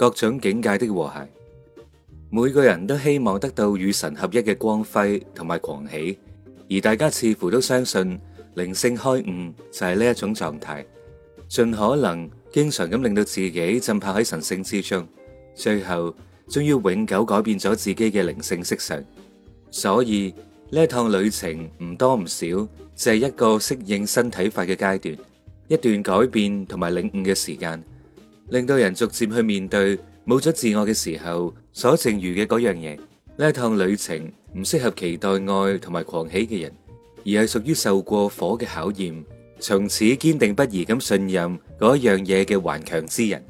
各種境界的和諧，每個人都希望得到與神合一嘅光輝同埋狂喜，而大家似乎都相信靈性開悟就係呢一種狀態，盡可能經常咁令到自己浸泡喺神聖之中，最後終於永久改變咗自己嘅靈性色相。所以呢一趟旅程唔多唔少就係一個適應新睇法嘅階段，一段改變同埋領悟嘅時間。令到人逐漸去面對冇咗自我嘅時候所剩餘嘅嗰樣嘢，呢一趟旅程唔適合期待愛同埋狂喜嘅人，而係屬於受過火嘅考驗，從此堅定不移咁信任嗰一樣嘢嘅頑強之人。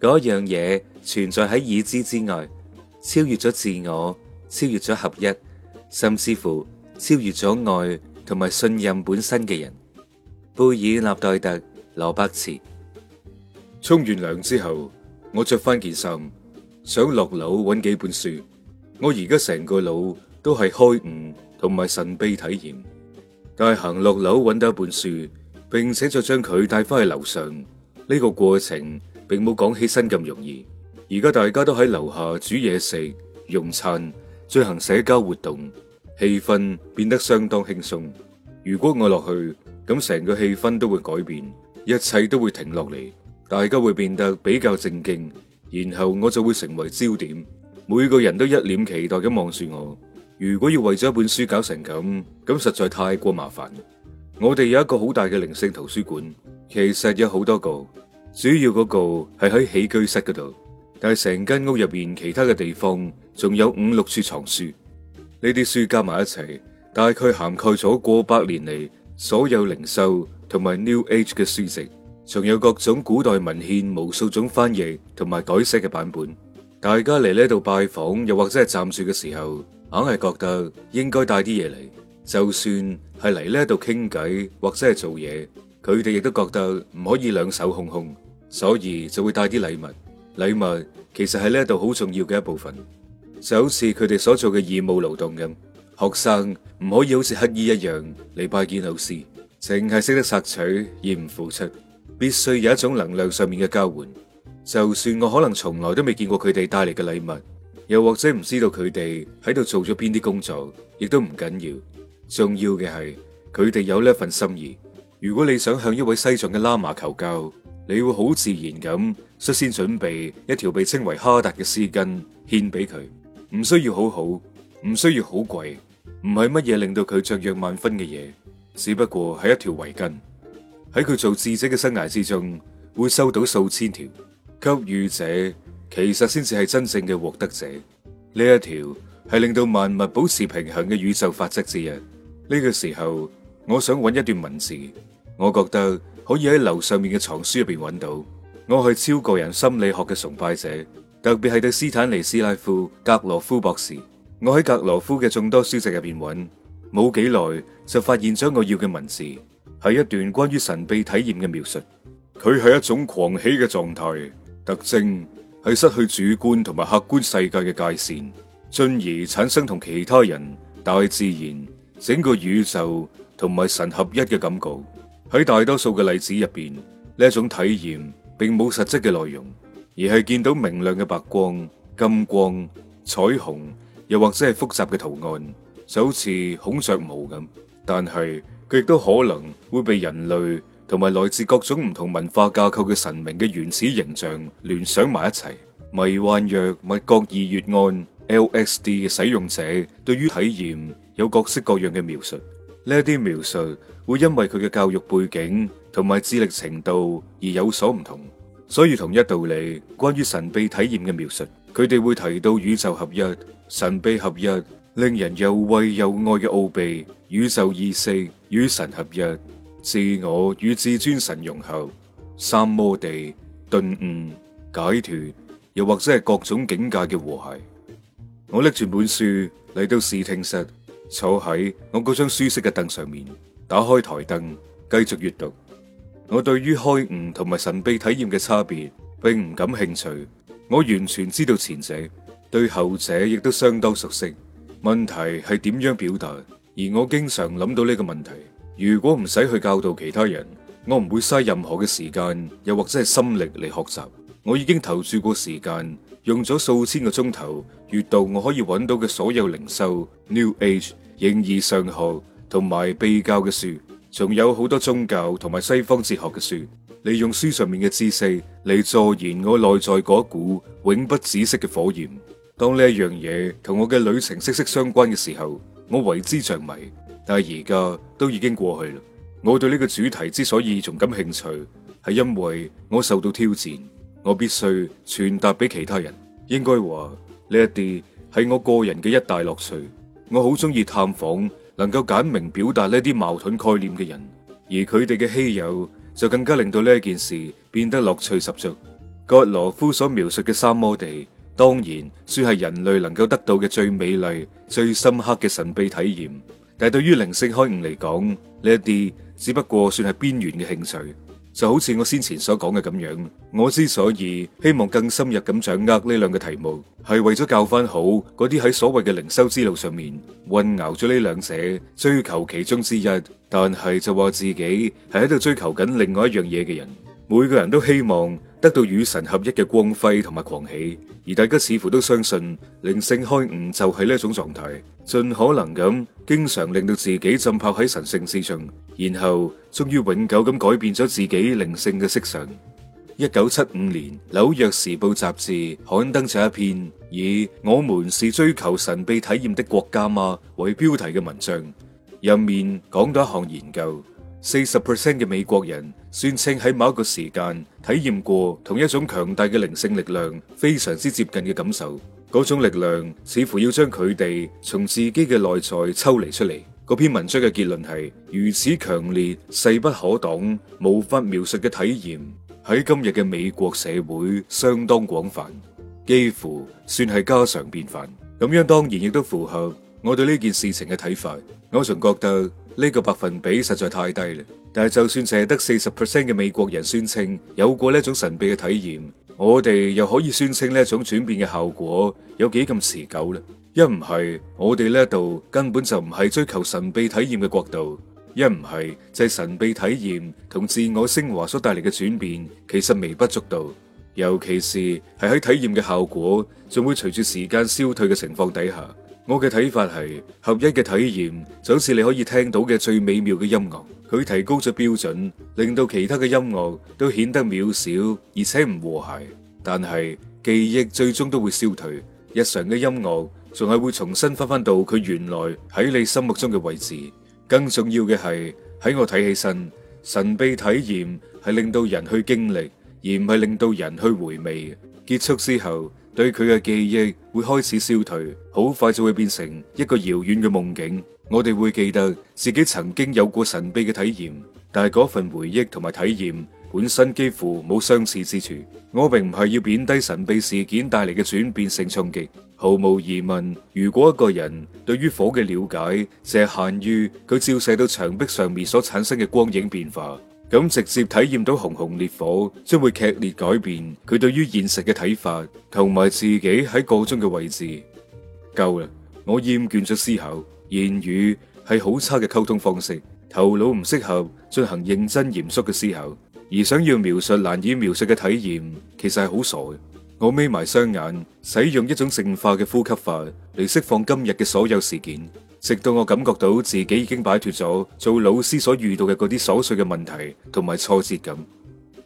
嗰一樣嘢存在喺已知之外，超越咗自我，超越咗合一，甚至乎超越咗愛同埋信任本身嘅人。貝爾納代特羅伯茨。沖完涼之後，我着翻件衫，想落樓搵幾本書。我而家成個腦都係開悟同埋神秘體驗，但係行落樓搵到一本書，並且再將佢帶翻去樓上呢個過程，並冇講起身咁容易。而家大家都喺樓下煮嘢食、用餐、進行社交活動，氣氛變得相當輕鬆。如果我落去，咁成個氣氛都會改變，一切都會停落嚟。大家會變得比較正經，然後我就會成為焦點。每個人都一臉期待咁望住我。如果要為咗一本書搞成咁，咁實在太過麻煩。我哋有一個好大嘅靈性圖書館，其實有好多個，主要嗰個係喺起居室嗰度，但係成間屋入面其他嘅地方仲有五六處藏書。呢啲書加埋一齊，大概涵蓋咗過百年嚟，所有靈修同埋 New Age 嘅書籍。仲有各種古代文獻，無數種翻譯同埋改寫嘅版本。大家嚟呢度拜訪又或者係暫住嘅時候，硬係覺得應該帶啲嘢嚟。就算係嚟呢度傾偈或者係做嘢，佢哋亦都覺得唔可以兩手空空，所以就會帶啲禮物。禮物其實係呢度好重要嘅一部分，就好似佢哋所做嘅義務勞動咁。學生唔可以好似乞兒一樣嚟拜見老師，淨係識得索取而唔付出。必須有一種能量上面嘅交換，就算我可能從來都未見過佢哋帶嚟嘅禮物，又或者唔知道佢哋喺度做咗邊啲工作，亦都唔緊要。重要嘅係佢哋有呢一份心意。如果你想向一位西藏嘅喇嘛求教，你會好自然咁率先準備一條被稱為哈達嘅絲巾獻俾佢，唔需要好好，唔需要好貴，唔係乜嘢令到佢雀躍萬分嘅嘢，只不過係一條圍巾。喺佢做智者嘅生涯之中，會收到數千條給予者，其實先至係真正嘅獲得者。呢一條係令到萬物保持平衡嘅宇宙法則之一。呢個時候，我想揾一段文字，我覺得可以喺樓上面嘅藏書入邊揾到。我係超個人心理學嘅崇拜者，特別係對斯坦尼斯拉夫·格羅夫博士。我喺格羅夫嘅眾多書籍入邊揾，冇幾耐就發現咗我要嘅文字。係一段關於神秘體驗嘅描述，佢係一種狂喜嘅狀態，特徵係失去主觀同埋客觀世界嘅界線，進而產生同其他人、大自然、整個宇宙同埋神合一嘅感覺。喺大多數嘅例子入邊，呢一種體驗並冇實質嘅內容，而係見到明亮嘅白光、金光、彩虹，又或者係複雜嘅圖案，就好似孔雀毛咁。但係，佢亦都可能會被人類同埋來自各種唔同文化架構嘅神明嘅原始形象聯想埋一齊。迷幻藥物、麥角二乙胺、LSD 嘅使用者對於體驗有各式各樣嘅描述。呢一啲描述會因為佢嘅教育背景同埋智力程度而有所唔同。所以同一道理，關於神秘體驗嘅描述，佢哋會提到宇宙合一、神秘合一、令人又畏又愛嘅奧秘、宇宙意識。與神合一，自我與至尊神融合，三摩地頓悟解脱，又或者係各種境界嘅和諧。我拎住本書嚟到視聽室，坐喺我嗰張舒適嘅凳上面，打開台燈，繼續閱讀。我對於開悟同埋神秘體驗嘅差別，並唔感興趣。我完全知道前者，對後者亦都相當熟悉。問題係點樣表達？而我經常諗到呢個問題：如果唔使去教導其他人，我唔會嘥任何嘅時間，又或者係心力嚟學習。我已經投注過時間，用咗數千個鐘頭閱讀我可以揾到嘅所有靈修、New Age、形而上學同埋秘教嘅書，仲有好多宗教同埋西方哲學嘅書。利用書上面嘅知識嚟助燃我內在嗰股永不止息嘅火焰。當呢一樣嘢同我嘅旅程息息相關嘅時候，我為之着迷，但係而家都已經過去啦。我對呢個主題之所以仲感興趣，係因為我受到挑戰，我必須傳達俾其他人。應該話呢一啲係我個人嘅一大樂趣。我好中意探訪能夠簡明表達呢啲矛盾概念嘅人，而佢哋嘅稀有就更加令到呢件事變得樂趣十足。葛羅夫所描述嘅三摩地。當然，算係人類能夠得到嘅最美麗、最深刻嘅神秘體驗。但係對於靈性開悟嚟講，呢一啲只不過算係邊緣嘅興趣。就好似我先前所講嘅咁樣，我之所以希望更深入咁掌握呢兩個題目，係為咗教翻好嗰啲喺所謂嘅靈修之路上面混淆咗呢兩者，追求其中之一，但係就話自己係喺度追求緊另外一樣嘢嘅人。每個人都希望。得到與神合一嘅光輝同埋狂喜，而大家似乎都相信靈性開悟就係呢一種狀態，盡可能咁經常令到自己浸泡喺神聖之中，然後終於永久咁改變咗自己靈性嘅色相。一九七五年，《紐約時報》雜誌刊登咗一篇以《我們是追求神秘體驗的國家嗎》為標題嘅文章，入面講到一項研究，四十 percent 嘅美國人。宣稱喺某一個時間體驗過同一種強大嘅靈性力量非常之接近嘅感受，嗰種力量似乎要將佢哋從自己嘅內在抽離出嚟。嗰篇文章嘅結論係如此強烈、勢不可擋、無法描述嘅體驗，喺今日嘅美國社會相當廣泛，幾乎算係家常便飯。咁樣當然亦都符合我對呢件事情嘅睇法。我仲覺得。呢個百分比實在太低啦，但係就算淨係得四十 percent 嘅美國人宣稱有過呢一種神秘嘅體驗，我哋又可以宣稱呢一種轉變嘅效果有幾咁持久咧？一唔係我哋呢度根本就唔係追求神秘體驗嘅國度，一唔係就係神秘體驗同自我升華所帶嚟嘅轉變其實微不足道，尤其是係喺體驗嘅效果仲會隨住時間消退嘅情況底下。我嘅睇法係合一嘅體驗就好似你可以聽到嘅最美妙嘅音樂，佢提高咗標準，令到其他嘅音樂都顯得渺小，而且唔和諧。但係記憶最終都會消退，日常嘅音樂仲係會重新返返到佢原來喺你心目中嘅位置。更重要嘅係喺我睇起身，神秘體驗係令到人去經歷，而唔係令到人去回味。結束之後，對佢嘅記憶會開始消退，好快就會變成一個遙遠嘅夢境。我哋會記得自己曾經有過神秘嘅體驗，但係嗰份回憶同埋體驗本身幾乎冇相似之處。我並唔係要貶低神秘事件帶嚟嘅轉變性衝擊，毫無疑問，如果一個人對於火嘅了解，淨係限於佢照射到牆壁上面所產生嘅光影變化。咁直接體驗到熊熊烈火，將會劇烈改變佢對於現實嘅睇法，同埋自己喺個中嘅位置。夠啦，我厭倦咗思考，言語係好差嘅溝通方式，頭腦唔適合進行認真嚴肅嘅思考，而想要描述難以描述嘅體驗，其實係好傻嘅。我眯埋雙眼，使用一種靜化嘅呼吸法嚟釋放今日嘅所有事件。直到我感覺到自己已經擺脫咗做老師所遇到嘅嗰啲瑣碎嘅問題同埋挫折感。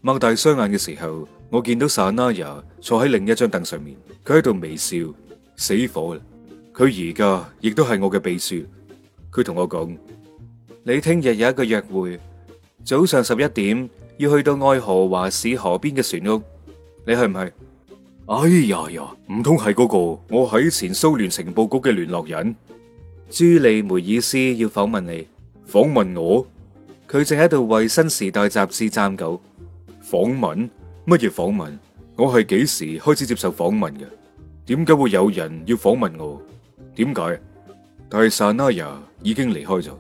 擘大雙眼嘅時候，我見到薩納 a 坐喺另一張凳上面，佢喺度微笑，死火啦！佢而家亦都係我嘅秘書。佢同我講：你聽日有一個約會，早上十一點要去到愛河華市河邊嘅船屋，你去唔去？哎呀呀，唔通係嗰個我喺前蘇聯情報局嘅聯絡人？朱利梅爾斯要訪問你，訪問我？佢正喺度為新時代雜誌撰稿。訪問乜嘢訪問？我係幾時開始接受訪問嘅？點解會有人要訪問我？點解？但係薩娜亞已經離開咗。